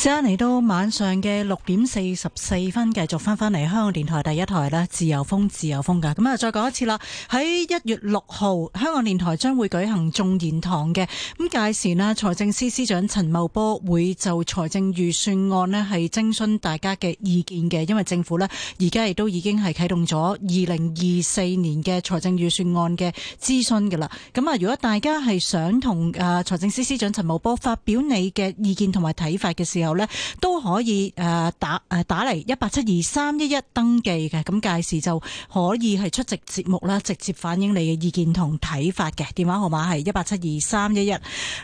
而家嚟到晚上嘅六點四十四分，繼續翻翻嚟香港電台第一台啦，自由風，自由風噶，咁啊，再講一次啦，喺一月六號，香港電台將會舉行眾言堂嘅。咁屆時咧財政司司長陳茂波會就財政預算案咧係徵詢大家嘅意見嘅。因為政府咧而家亦都已經係啟動咗二零二四年嘅財政預算案嘅諮詢噶啦。咁啊，如果大家係想同誒財政司司長陳茂波發表你嘅意見同埋睇法，嘅時候，咧都可以誒打誒打嚟一八七二三一一，登記嘅，咁屆時就可以係出席節目啦，直接反映你嘅意見同睇法嘅電話號碼係一八七二三一一。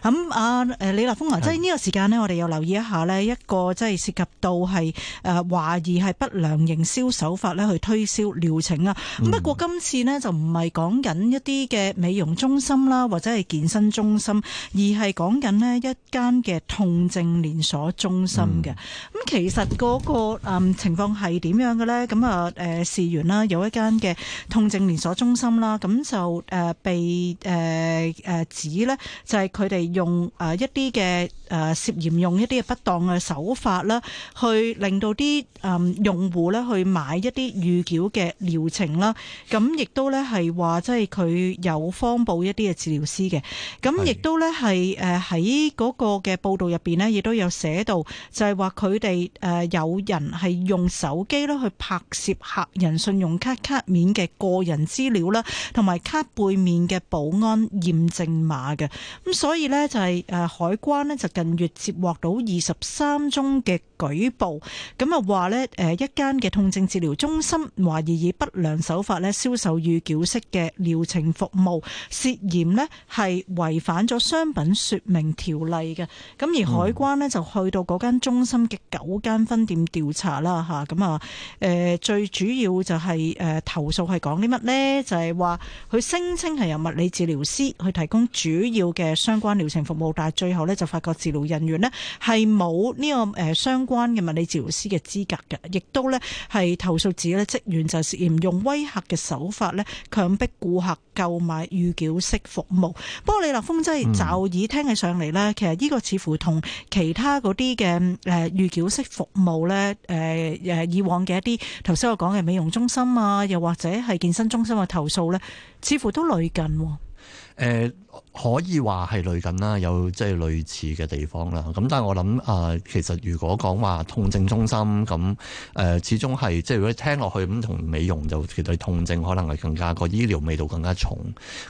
咁啊誒李立峰啊，即係呢個時間咧，我哋又留意一下咧一個即係涉及到係誒懷疑係不良營銷手法咧去推銷療程啊。不過今次咧就唔係講緊一啲嘅美容中心啦，或者係健身中心，而係講緊咧一間嘅痛症連鎖中。中心嘅咁，嗯、其實嗰、那個誒、嗯、情況係點樣嘅咧？咁啊，誒、呃、事緣啦，有一間嘅痛症連鎖中心啦，咁就誒、呃、被誒誒、呃呃、指咧，就係佢哋用誒、呃、一啲嘅誒涉嫌用一啲嘅不當嘅手法啦，去令到啲誒、呃、用戶咧去買一啲預繳嘅療程啦。咁亦都咧係話，即係佢有訪問一啲嘅治療師嘅。咁亦都咧係誒喺嗰個嘅報道入邊咧，亦都有寫到。就係話佢哋誒有人係用手機呢去拍攝客人信用卡卡面嘅個人資料啦，同埋卡背面嘅保安驗證碼嘅，咁所以呢，就係誒海關呢就近月接獲到二十三宗嘅。舉報咁啊話呢，誒一間嘅痛症治療中心懷疑以不良手法呢銷售預繳式嘅療程服務，涉嫌呢係違反咗商品説明條例嘅。咁而海關呢，就去到嗰間中心嘅九間分店調查啦，吓咁啊誒最主要就係誒投訴係講啲乜呢？就係話佢聲稱係由物理治療師去提供主要嘅相關療程服務，但係最後呢，就發覺治療人員呢係冇呢個誒相。相關嘅物理治療師嘅資格嘅，亦都咧係投訴指咧職員就涉嫌用威吓嘅手法咧，強迫顧客購買預繳式服務。不過李立峰真係就以聽起上嚟咧，嗯、其實呢個似乎同其他嗰啲嘅誒預繳式服務咧誒誒，以往嘅一啲頭先我講嘅美容中心啊，又或者係健身中心嘅投訴咧，似乎都類近，哦。誒、呃，可以話係類緊啦，有即係類似嘅地方啦。咁但係我諗啊、呃，其實如果講話，痛症中心咁，誒、呃，始終係即係如果你聽落去咁同美容就，其實痛症可能係更加個醫療味道更加重。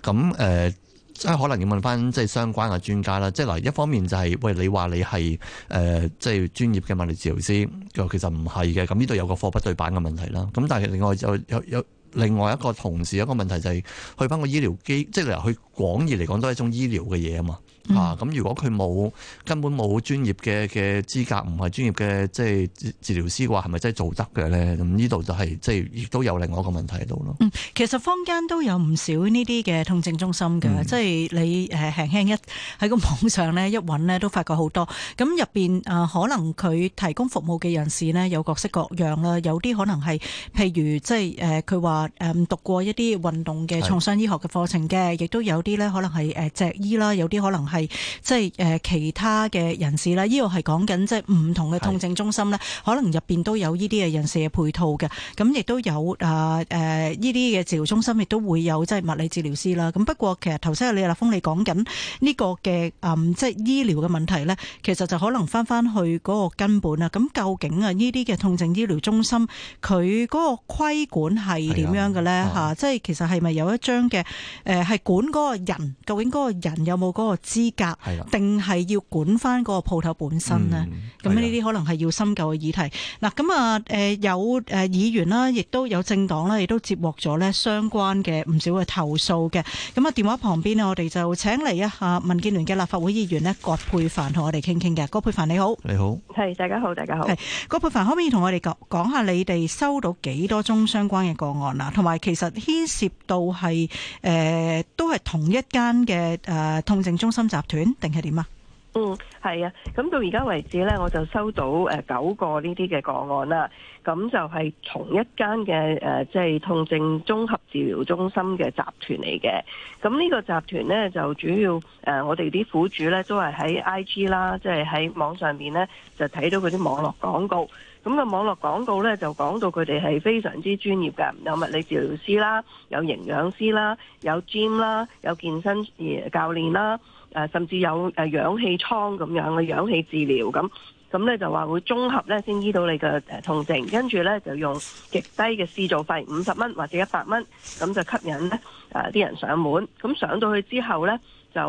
咁、呃、誒，即係可能要問翻即係相關嘅專家啦。即係嗱，一方面就係、是、喂，你話你係誒、呃，即係專業嘅物理治療師，其實唔係嘅。咁呢度有個貨不對版嘅問題啦。咁但係另外有有有。有另外一個同時一個問題就係去翻個醫療機，即係去廣義嚟講都係一種醫療嘅嘢啊嘛。啊，咁如果佢冇根本冇專業嘅嘅資格，唔係專業嘅即係治療師嘅話，係咪真係做得嘅咧？咁呢度就係即係亦都有另外一個問題喺度咯。嗯，其實坊間都有唔少呢啲嘅痛症中心嘅，即係、嗯、你誒輕輕一喺個網上咧一揾咧都發覺好多。咁入邊啊，可能佢提供服務嘅人士咧有各式各樣啦，有啲可能係譬如即係誒佢話誒讀過一啲運動嘅創傷醫學嘅課程嘅，亦的都有啲咧可能係誒脊醫啦，有啲可能係。係即係誒其他嘅人士啦，呢、這個係講緊即係唔同嘅痛症中心咧，是可能入邊都有呢啲嘅人士嘅配套嘅，咁亦都有啊誒呢啲嘅治療中心亦都會有即係物理治療師啦。咁不過其實頭先阿李立峰你講緊呢個嘅、嗯、即係醫療嘅問題咧，其實就可能翻翻去嗰個根本啦。咁究竟啊呢啲嘅痛症醫療中心佢嗰個規管係點樣嘅咧？吓、嗯啊，即係其實係咪有一張嘅誒係管嗰個人？究竟嗰個人有冇嗰個資資格定係要管翻嗰個鋪頭本身呢？咁呢啲可能係要深究嘅議題。嗱、咁、呃、啊、誒有誒議員啦，亦都有政黨啦，亦都接獲咗呢相關嘅唔少嘅投訴嘅。咁啊，電話旁邊呢，我哋就請嚟一下民建聯嘅立法會議員呢，葛珮帆同我哋傾傾嘅。葛珮帆你好，你好，係好大家好，大家好。係葛珮帆，可唔可以同我哋講講下你哋收到幾多宗相關嘅個案啊？同埋其實牽涉到係誒、呃、都係同一間嘅誒痛症中心。集團定係點啊？嗯，係啊。咁到而家為止呢，我就收到誒九個呢啲嘅個案啦。咁就係同一間嘅誒，即係痛症綜合治療中心嘅集團嚟嘅。咁呢個集團呢，就主要誒，我哋啲苦主呢，都係喺 I G 啦，即係喺網上面呢，就睇到佢啲網絡廣告。咁個網絡廣告呢，就講到佢哋係非常之專業嘅，有物理治療師啦，有營養師啦，有 gym 啦，有健身教練啦。誒甚至有氧氣倉咁樣嘅氧氣治療，咁咁咧就話會綜合咧先醫到你嘅痛症，跟住咧就用極低嘅試造費五十蚊或者一百蚊，咁就吸引咧啲人上門。咁上到去之後咧就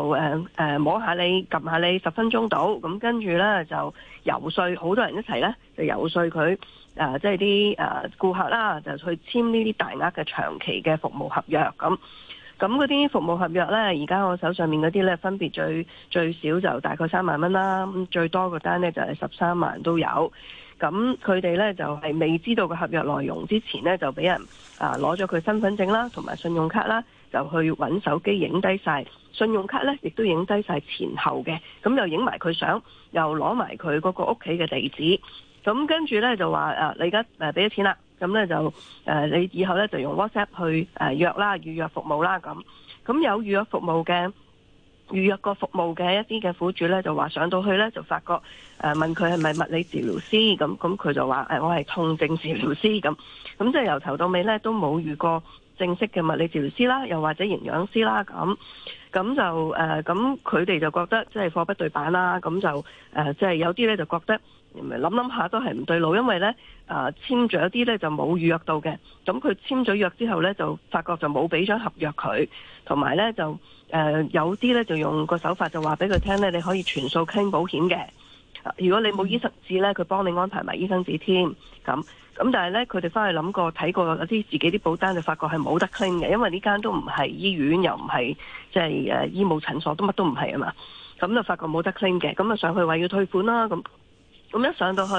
摸下你撳下你十分鐘到，咁跟住咧就游說好多人一齊咧就游說佢誒即係啲誒顧客啦，就去簽呢啲大額嘅長期嘅服務合約咁。咁嗰啲服務合約呢，而家我手上面嗰啲呢，分別最最少就大概三萬蚊啦，最多個單呢就係十三萬都有。咁佢哋呢，就係、是、未知道個合約內容之前呢，就俾人啊攞咗佢身份證啦，同埋信用卡啦，就去揾手機影低曬，信用卡呢，亦都影低曬前後嘅，咁又影埋佢相，又攞埋佢嗰個屋企嘅地址，咁跟住呢，就話啊你而家畀咗錢啦。咁咧就誒、呃，你以後咧就用 WhatsApp 去誒約啦，預約服務啦咁。咁有預約服務嘅預約過服務嘅一啲嘅苦主咧，就話上到去咧就發覺誒、呃，問佢係咪物理治療師咁，咁佢就話、呃、我係痛症治療師咁。咁即係由頭到尾咧都冇遇過正式嘅物理治療師啦，又或者營養師啦咁。咁就誒，咁佢哋就覺得即係貨不對板啦。咁就誒，即係有啲咧就覺得。諗諗下都係唔對路，因為呢誒，簽、啊、咗有啲呢就冇預約到嘅。咁佢簽咗約之後呢，就發覺就冇俾張合約佢，同埋呢，就誒、呃、有啲呢就用個手法就話俾佢聽呢，你可以全數 claim 保險嘅，如果你冇醫生紙呢，佢幫你安排埋醫生紙添，咁咁但係呢，佢哋翻去諗過睇過有啲自己啲保單就發覺係冇得 claim 嘅，因為呢間都唔係醫院，又唔係即係誒醫務診所，都乜都唔係啊嘛，咁就發覺冇得 claim 嘅，咁啊上去話要退款啦，咁。咁一上到去，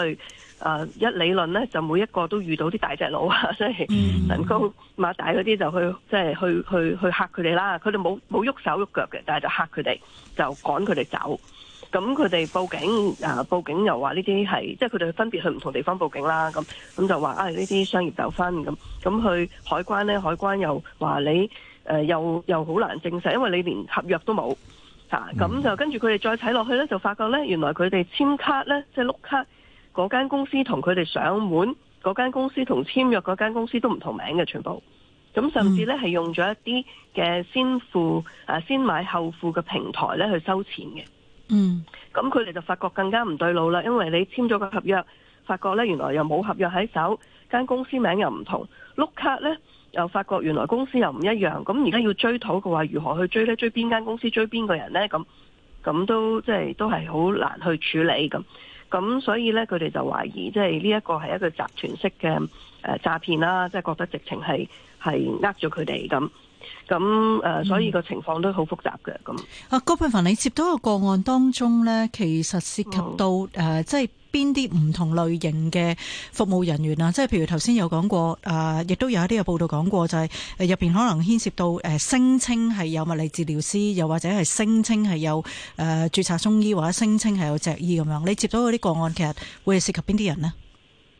誒，一理論咧，就每一個都遇到啲大隻佬啊，即係身高馬大嗰啲就去，即係去去去嚇佢哋啦。佢哋冇冇喐手喐腳嘅，但係就嚇佢哋，就趕佢哋走。咁佢哋報警，誒，報警又話呢啲係，即係佢哋分別去唔同地方報警啦。咁咁就話啊呢啲商業糾紛咁，咁去海關咧，海關又話你誒，又又好難證實，因為你連合約都冇。咁、啊、就跟住佢哋再睇落去咧，就發覺咧，原來佢哋簽卡咧，即係碌卡嗰間公司同佢哋上門嗰間公司同簽約嗰間公司都唔同名嘅，全部咁，甚至咧係用咗一啲嘅先付、啊、先買後付嘅平台咧去收錢嘅。嗯，咁佢哋就發覺更加唔對路啦，因為你簽咗個合約。發覺呢，原來又冇合約喺手，間公司名又唔同，碌卡呢，又發覺原來公司又唔一樣，咁而家要追討嘅話，如何去追呢？追邊間公司？追邊個人呢？咁咁都即係都係好難去處理咁，咁所以呢，佢哋就懷疑即係呢一個係一個集團式嘅誒詐騙啦，即係覺得直情係係呃咗佢哋咁。咁誒，所以個情況都好複雜嘅。咁啊、嗯，葛珮帆，你接到個個案當中呢，其實涉及到誒、嗯呃，即係邊啲唔同類型嘅服務人員啊，即係譬如頭先有講過，啊、呃，亦都有一啲嘅報道講過，就係入邊可能牽涉到誒聲稱係有物理治療師，又或者係聲稱係有誒、呃、註冊中醫，或者聲稱係有脊醫咁樣。你接到嗰啲個案，其實會係涉及邊啲人呢？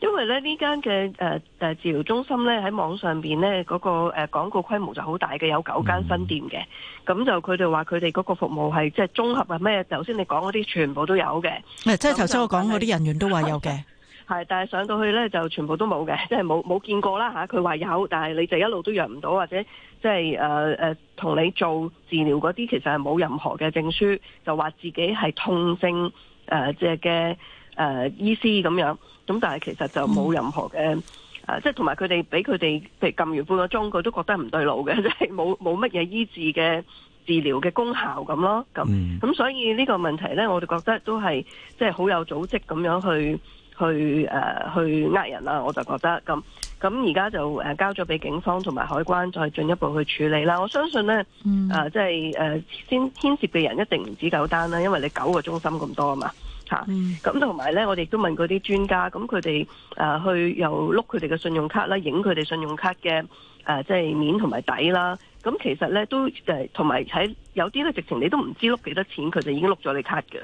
因為咧，呢間嘅誒治療中心咧，喺網上邊咧嗰個誒、呃、廣告規模就好大嘅，有九間分店嘅。咁、嗯、就佢哋話佢哋嗰個服務係即係綜合係、啊、咩？頭先你講嗰啲全部都有嘅。唔即係頭先我講嗰啲人員都話有嘅。係但是， 但係上到去咧就全部都冇嘅，即係冇冇見過啦嚇。佢、啊、話有，但係你就一路都約唔到，或者即係誒同你做治療嗰啲其實係冇任何嘅證書，就話自己係痛症誒、呃、即係嘅。誒、呃、醫師咁樣，咁但係其實就冇任何嘅誒、嗯呃，即係同埋佢哋俾佢哋，譬如撳完半個鐘，佢都覺得唔對路嘅，即係冇冇乜嘢醫治嘅治療嘅功效咁咯，咁咁、嗯嗯、所以呢個問題呢，我哋覺得都係即係好有組織咁樣去去誒、呃、去呃人啦，我就覺得咁咁而家就誒交咗俾警方同埋海關再進一步去處理啦。我相信呢，誒、嗯呃、即係誒先牽涉嘅人一定唔止九單啦，因為你九個中心咁多啊嘛。咁同埋咧，我哋都問過啲專家，咁佢哋呃、去又碌佢哋嘅信用卡啦，影佢哋信用卡嘅、呃、即係面同埋底啦。咁、啊、其實咧都同埋喺有啲咧，直情你都唔知碌幾多錢，佢就已經碌咗你卡嘅。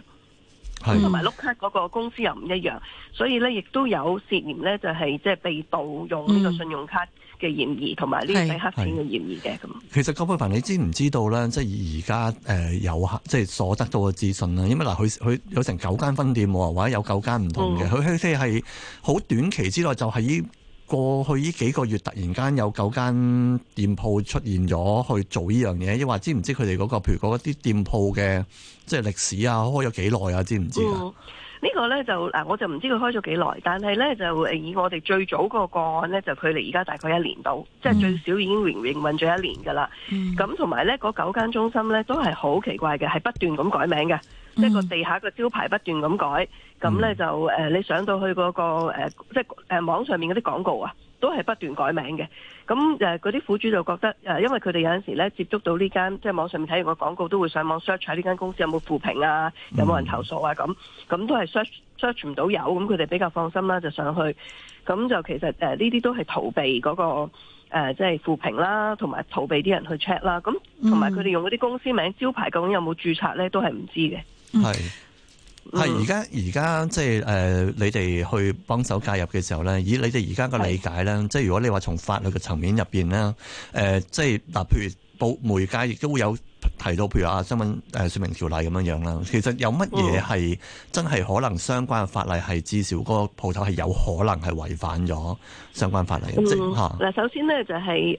同埋碌卡嗰個公司又唔一樣，所以咧亦都有涉嫌咧，就係即係被盜用呢個信用卡。嗯嘅嫌疑同埋呢啲黑錢嘅嫌疑嘅。咁，其實葛珮帆，你知唔知道咧？即係而家誒有客，即係所得到嘅資訊啊。因為嗱，佢佢有成九間分店，或者有九間唔同嘅，佢好係好短期之內就喺過去呢幾個月突然間有九間店鋪出現咗去做呢樣嘢，抑或知唔知佢哋嗰個譬如嗰啲店鋪嘅即係歷史啊，開咗幾耐啊？知唔知啊？嗯呢個呢，就我就唔知佢開咗幾耐，但係呢，就以我哋最早個個案呢，就距離而家大概一年到，嗯、即係最少已經營運運咗一年㗎啦。咁同埋呢，嗰九間中心呢，都係好奇怪嘅，係不斷咁改名嘅，嗯、即係個地下個招牌不斷咁改，咁、嗯、呢，就、呃、你上到去嗰、嗰個、呃、即係網上面嗰啲廣告啊，都係不斷改名嘅。咁誒嗰啲苦主就覺得誒、呃，因為佢哋有陣時咧接觸到呢間，即係網上面睇完個廣告，都會上網 search 下呢間公司有冇負評啊，有冇人投訴啊咁，咁、嗯、都係 search search 唔到有，咁佢哋比較放心啦，就上去，咁就其實誒呢啲都係逃避嗰、那個、呃、即係負評啦，同埋逃避啲人去 check 啦，咁同埋佢哋用嗰啲公司名招牌究竟有冇註冊咧，都係唔知嘅。係。係而家而家即係誒，你哋去幫手介入嘅時候咧，以你哋而家嘅理解咧，的即係如果你話從法律嘅層面入邊咧，誒、呃，即係嗱，譬如報媒介亦都有提到，譬如啊新聞誒說明條例咁樣樣啦。其實有乜嘢係真係可能相關嘅法例係，至少嗰個鋪頭係有可能係違反咗相關法例嘅，嗱、嗯、啊、首先咧就係、是、誒、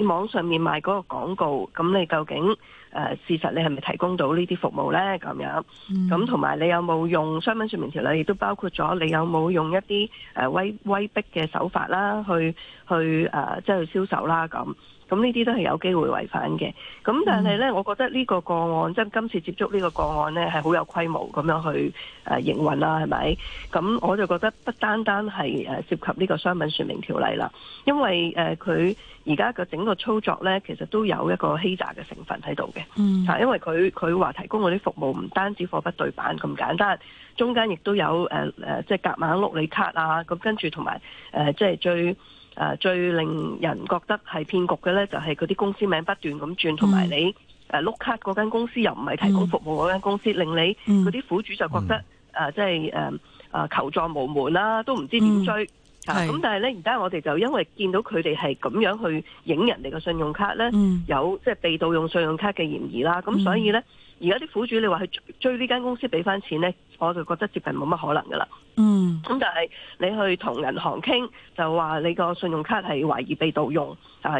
um, 網上面賣嗰個廣告，咁你究竟？誒、呃、事實你係咪提供到呢啲服務呢？咁樣，咁同埋你有冇用商品説明條例，亦都包括咗你有冇用一啲誒威威逼嘅手法啦，去去誒即係去銷售啦咁。咁呢啲都係有機會違反嘅，咁但係呢，嗯、我覺得呢個個案，即、就、係、是、今次接觸呢個個案呢，係好有規模咁樣去誒營運啦，係咪？咁我就覺得不單單係涉及呢個商品説明條例啦，因為誒佢而家嘅整個操作呢，其實都有一個欺詐嘅成分喺度嘅。嗯，因為佢佢話提供嗰啲服務唔單止貨不對辦咁簡單，中間亦都有誒誒、呃呃，即係夾硬碌你卡啊，咁跟住同埋誒，即係最。誒、啊、最令人覺得係騙局嘅咧，就係嗰啲公司名不斷咁轉，同埋、嗯、你誒碌、啊、卡嗰間公司又唔係提供服務嗰間公司，嗯、令你嗰啲苦主就覺得誒即係誒求助無門啦，都唔知點追咁、嗯啊、但係咧，而家我哋就因為見到佢哋係咁樣去影人哋嘅信用卡咧，嗯、有即係、就是、被盜用信用卡嘅嫌疑啦，咁所以咧。嗯而家啲苦主，你話去追呢間公司畀翻錢呢，我就覺得接近冇乜可能噶啦。嗯，咁但係你去同銀行傾，就話你個信用卡係懷疑被盜用，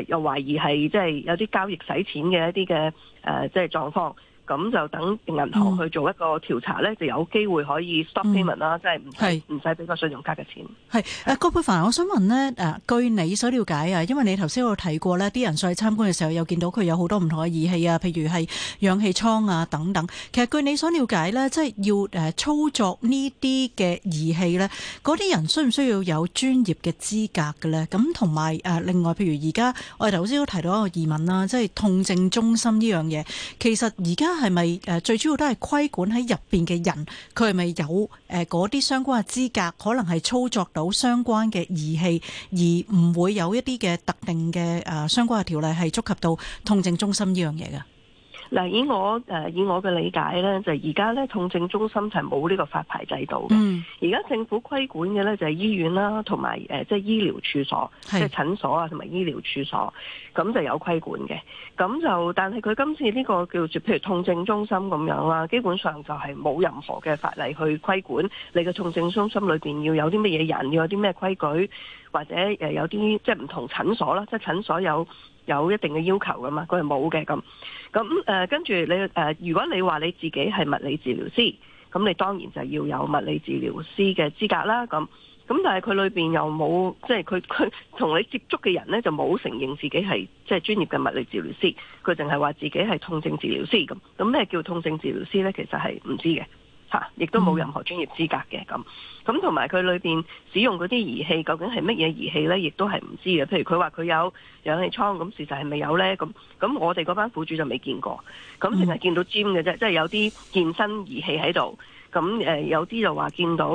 又懷疑係即係有啲交易使錢嘅一啲嘅誒，即係狀況。咁就等銀行去做一個調查呢，嗯、就有機會可以 stop payment 啦、嗯，即係唔使唔使俾個信用卡嘅錢。係是，誒葛珮帆，我想問呢，誒、啊，據你所了解啊，因為你頭先有提過呢啲人上去參觀嘅時候又見到佢有好多唔同嘅儀器啊，譬如係氧氣倉啊等等。其實據你所了解呢，即、就、係、是、要操作呢啲嘅儀器呢，嗰啲人需唔需要有專業嘅資格嘅呢？咁同埋另外譬如而家我哋頭先都提到一個疑問啦，即、就、係、是、痛症中心呢樣嘢，其實而家。係咪誒最主要都係規管喺入邊嘅人，佢係咪有誒嗰啲相關嘅資格，可能係操作到相關嘅儀器，而唔會有一啲嘅特定嘅誒相關嘅條例係觸及到痛症中心呢樣嘢嘅？嗱，以我誒以我嘅理解咧，就而家咧痛症中心係冇呢個發牌制度嘅。而家、嗯、政府規管嘅咧就係醫院啦，同埋誒即係醫療處所，即係是診所啊，同埋醫療處所咁就有規管嘅。咁就但係佢今次呢個叫做譬如痛症中心咁樣啦，基本上就係冇任何嘅法例去規管你個痛症中心裏面要有啲乜嘢人，要有啲咩規矩。或者有啲即係唔同診所啦，即係診所有有一定嘅要求噶嘛，佢係冇嘅咁。咁誒跟住你誒、呃，如果你話你自己係物理治療師，咁你當然就要有物理治療師嘅資格啦。咁咁但係佢裏面又冇，即係佢佢同你接觸嘅人咧就冇承認自己係即係專業嘅物理治療師，佢淨係話自己係痛症治療師咁。咁咩叫痛症治療師咧？其實係唔知嘅。亦都冇任何專業資格嘅咁，咁同埋佢裏面使用嗰啲儀器，究竟係乜嘢儀器呢？亦都係唔知嘅。譬如佢話佢有氧氣槍，咁事實係咪有呢？咁咁我哋嗰班苦主就未見過，咁淨係見到尖 m 嘅啫，嗯、即係有啲健身儀器喺度。咁、呃、有啲就話見到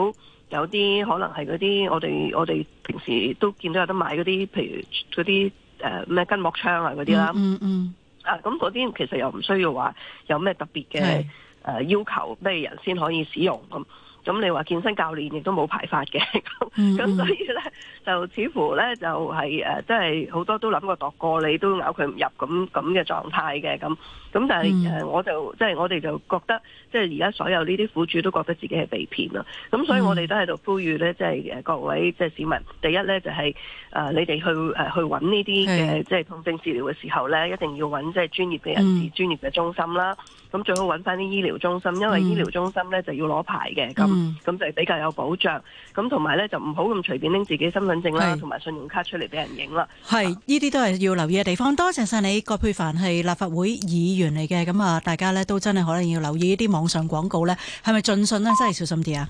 有啲可能係嗰啲我哋我哋平時都見到有得買嗰啲，譬如嗰啲誒咩筋膜槍啊嗰啲啦。嗯嗯。啊，咁嗰啲其實又唔需要話有咩特別嘅。誒要求咩人先可以使用咁？咁你話健身教練亦都冇牌發嘅，咁咁、嗯、 所以咧就似乎咧就係、是、誒，即係好多都諗過度過，你都咬佢唔入咁咁嘅狀態嘅咁，咁但係我就即係、嗯、我哋就，就是、就覺得即係而家所有呢啲苦主都覺得自己係被騙啦，咁、嗯、所以我哋都喺度呼籲咧，即、就、係、是、各位即係、就是、市民，第一咧就係、是、誒、呃、你哋去、呃、去揾呢啲嘅即係痛症治療嘅時候咧，一定要揾即係專業嘅人士、專、嗯、業嘅中心啦。咁最好揾返啲醫療中心，因為醫療中心咧就要攞牌嘅咁。嗯。嗯，咁就係比較有保障。咁同埋咧，就唔好咁隨便拎自己身份證啦，同埋是信用卡出嚟俾人影啦。係是，呢啲，啊、都係要留意嘅地方。多謝晒你，葛珮帆係立法會議員嚟嘅。咁啊，大家咧都真係可能要留意呢啲網上廣告咧，係咪盡信咧，真係小心啲啊！